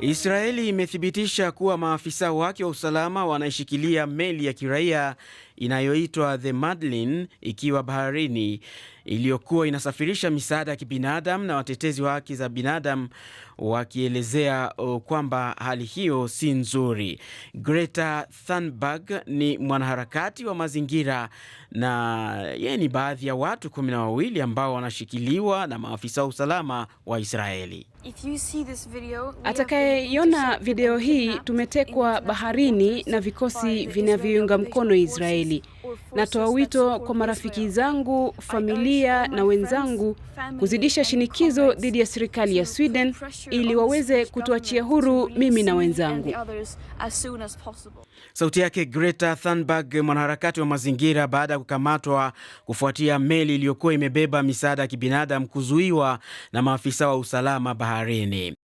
Israeli imethibitisha kuwa maafisa wake wa usalama wanaishikilia meli ya kiraia inayoitwa The Madlin ikiwa baharini iliyokuwa inasafirisha misaada ya kibinadamu na watetezi wa haki za binadamu wakielezea oh, kwamba hali hiyo si nzuri. Greta Thunberg ni mwanaharakati wa mazingira na yeye ni baadhi ya watu kumi na wawili ambao wanashikiliwa na maafisa wa usalama wa Israeli. Atakayeiona video hii, tumetekwa baharini na vikosi vinavyoiunga mkono Israeli kweli. Natoa wito kwa marafiki zangu, familia na wenzangu kuzidisha shinikizo dhidi ya serikali ya Sweden ili waweze kutuachia huru mimi na wenzangu. Sauti yake Greta Thunberg, mwanaharakati wa mazingira, baada ya kukamatwa kufuatia meli iliyokuwa imebeba misaada ya kibinadamu kuzuiwa na maafisa wa usalama baharini.